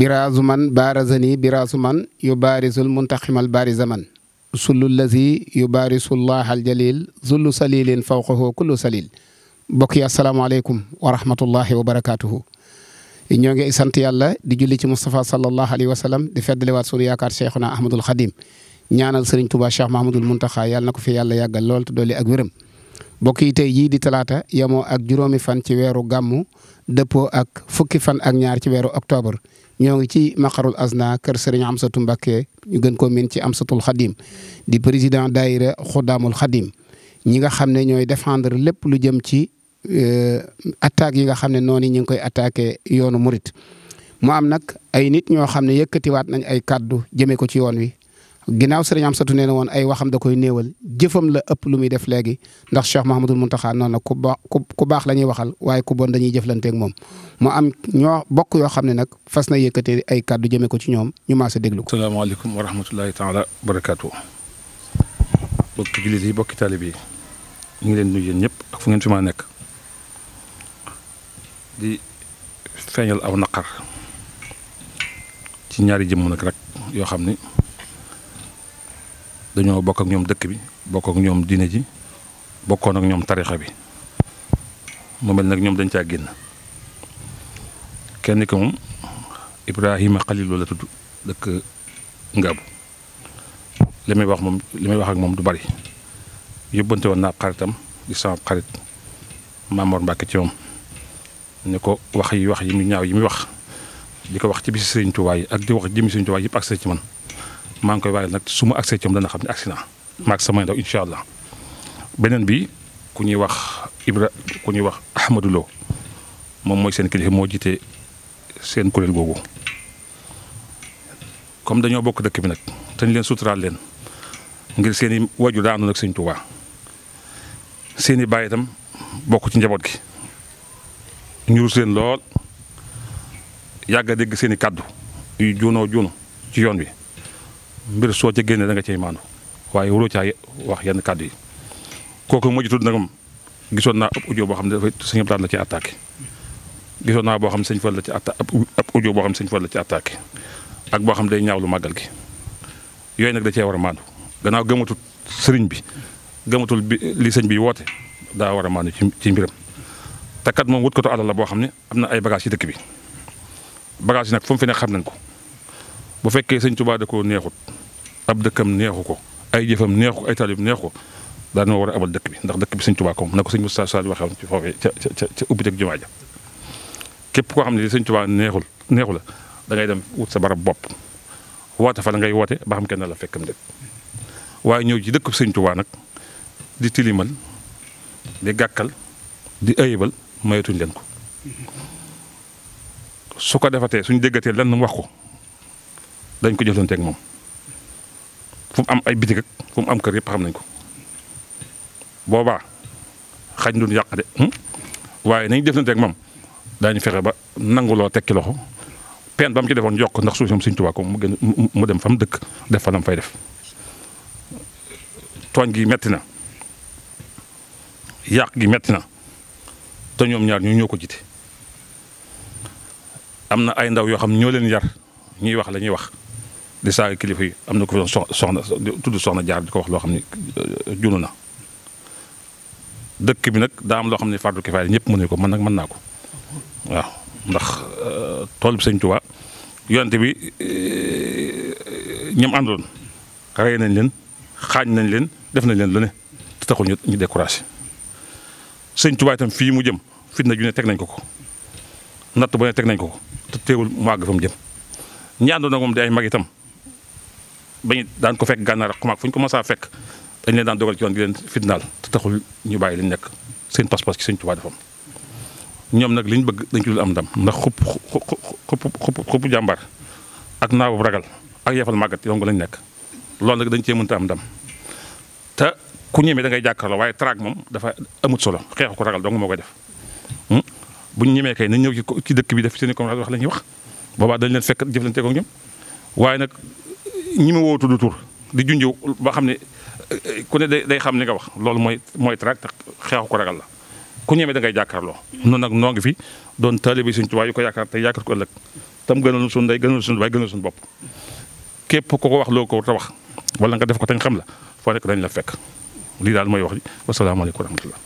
biraasu man baara baarazani biraasu man yu baarisul baari baariza man sullu lazi yu baarisullaah al jalil zullu salilin fawqahu kullu salil mbokk yi asalaamaaleykum wa rahmatullahi wa barakaatuhu ñoo ngi sant yàlla di julli ci Moustapha sallallahu alayhi wa sallam di feddaliwaat sunu yaakaar Cheikhuna Ahmadul Xadim ñaanal sëriñ Touba Cheikh Mahamadul Muntaxa yàlla na ko fi yàlla yàggal lool te doole ak wéram mbokk yi tey jii di talaata yemoo ak juróomi fan ci weeru gàmmu dëppoo ak fukki fan ak ñaar ci weeru octobre ñoo ngi ci Maqarul Azna kër Serigne Amsatou Mbacké ñu gën ko min ci Amsatul Xadim di président daayira Xudaamul Xadim ñi nga xam ne ñooy défendre lépp lu jëm ci euh, attaques yi nga xam ne noonu ñu ngi koy attaqué yoonu murit mu am nag ay nit ñoo xam ne yëkkatiwaat nañ ay kaddu jëmee ko ci yoon wi ginnaaw sëriñ Amsatu nee na woon ay waxam da koy néewal jëfam la ëpp lu muy def léegi ndax Cheikh Mahamadul Muntaxa noonu nag ku baax ku baax la waxal waaye ku bon dañuy jëflanteeg moom mu am ñoo bokk yoo xam ne nag fas na yëkkate ay kàddu jëme ko ci ñoom ñu maase déglu ko. salaamaaleykum wa rahmatulahi taala barakaatu. bokki jullit yi bokki taalib yi ñu ngi leen nuyu yéen ñëpp ak fu ngeen fi maa nekk di feeñal aw naqar ci ñaari jëmm nag rek yoo xam ni. dañoo bokk ak ñoom dëkk bi bokk ak ñoom diine ji bokkoon ak ñoom tarixa bi mu mel nag ñoom dañ caa génn kenn ki moom Ibrahima Xalilu la tudd dëkk Ngabu li may wax moom li may wax ak moom du bari yóbbante woon naa xaritam di sama xarit Maamoor Mbàkke ci moom ne ko wax yi wax yi mu ñaaw yi muy wax di wax ci bisi Sëriñ Tuubaa yi ak di wax jëmi Sëriñ Tuubaa yëpp ak ci man maa ngi koy waajal nag su ma accès ci dana xam ne agsi naa maag samay ndaw incha allah beneen bi ku ñuy wax Ibra ku ñuy wax Ahmadou moom mooy seen kilifa moo jiite seen kuréel googu comme dañoo bokk dëkk bi nag te ñu leen suturaal leen ngir seeni i waju daa àndoon ak Sëñ Tuubaa seen i baay itam bokk ci njaboot gi ñu rus leen lool yàgg dégg seeni kàddu yu juunoo juunu ci yoon wi. mbir soo ca génne da nga cay maanu waaye waroo caa wax yenn kàddu kooku mujj tudd nagam gisoon naa ab audio boo xam ne dafay sëñ Abdou la ci attaqué gisoon naa boo xam sëñ Fall la ci atta ab boo xam ne sëñ Fall la ci attaqué ak boo xam day ñaaw lu màggal gi yooyu nag da cee war a maandu gannaaw gëmatul sëriñ bi gëmatul bi li sëñ bi woote daa war a maandu ci ci mbiram te moom wut ko la boo xam ne am na ay bagages ci dëkk bi bagages yi nag fu mu fi ne xam nañ ko. bu fekkee sëñ Tuubaa da koo neexut ab dëkkam neexu ko ay jëfam neexu ko ay taalib neexu ko daan war a abal dëkk bi ndax dëkk bi sëñ Tuubaa ko na ko sëñ Moussa Sall waxee woon ci ca ca ca ubbi ak jumaa koo xam ne neexul neexu la da dem wut sa barab bopp woote fa la ngay woote ba xam kenn la fekkam dëkk waaye ñëw ci dëkk sëñ Tuubaa nag di tilimal di gàkkal di ayibal mayatuñ leen ko su ko defatee suñ déggatee lenn lan wax ko. dañ ko jëflanteeg moom fu mu am ay bitig ak fu am kër yëpp xam nañ ko boobaa xañ duñ yàq de hmm? waaye nañ jëflanteeg moom daañu fexe ba nango nanguloo tekki loxo peen ba mu ci defoon yokk ndax suuf si suñ tubaab ko mu gën mu dem fa mu dëkk def fa lam fay def tooñ gi metti na yàq gi metti na te ñoom ñaar ñu ñoo ko jite am na ay ndaw yoo xam ñoo leen yar ñuy wax la ñuy wax di saaga kilifa yi am na ko fi soxna tudd soxna jaar di ko wax loo xam ne euh, junu na dëkk bi nag daa am loo xam ne fardu kifaaya ñëpp mënuñu ko man nag mën naa ko waaw ndax euh, tool bi sëñ Tuubaa yonte bi euh, ñoom àndoon rey nañ leen xaañ nañ leen def nañ leen lu ne te taxul ñu ñu découragé sëñ Tuubaa itam fii mu jëm fitna ju ne teg nañ ko ko natt bu ne teg nañ ko ko te teewul mu àgg fa jëm ñi àndoon moom di ay mag itam bañu daan ko fekk gànnaar ak xumaag fu ñu ko mosaa fekk dañ leen daan dogal ci yoon di leen fitnaal te taxul ñu bàyyi liñ nekk seen pas-pas ci sëñ Tuubaa dafa am ñoom nag liñ bëgg dañ ci dul am ndam ndax xupp xupp xupp jàmbaar ak naawu ragal ak yefal màggat yoon nga lañ nekk loolu nag dañ cee mënta am ndam te ku ñemee da ngay jàkkaarloo waaye traag moom dafa amut solo xeexu ko ragal dong moo koy def hmm? bu ñu ñemee kay nañ ñëw ci dëkk bi def seen i wax la ñuy wax boobaa dañ leen fekk jëflante ko ñoom waaye nag ñi ma woo tudd tur di junjëw ba xam ne ku ne day xam ni nga wax loolu mooy mooy tract xeexu ko ragal la ku ñeme da ngay jàkkaarloo noonu nag noo ngi fi doon taalibe Sëñ Tuubaa yu ko yaakaar te yaakaar ko ëllëg tam gënal suñu ndey gënal suñu baay gënal suñu bopp képp ku ko wax loo ko war a wax wala nga def ko tañ xam la foo nekk dañ la fekk lii daal mooy wax ji wasalaamaaleykum wa rahmatullah